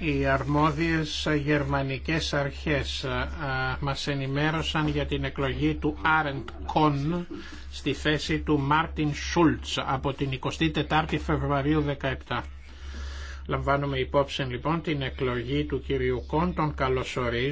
Οι αρμόδιες γερμανικές αρχές μας ενημέρωσαν για την εκλογή του Άρεντ Κον στη θέση του Μάρτιν Σούλτς από την 24η Φεβρουαρίου 17. Λαμβάνουμε υπόψη λοιπόν την εκλογή του κυρίου Κον, τον καλωσορίζουμε.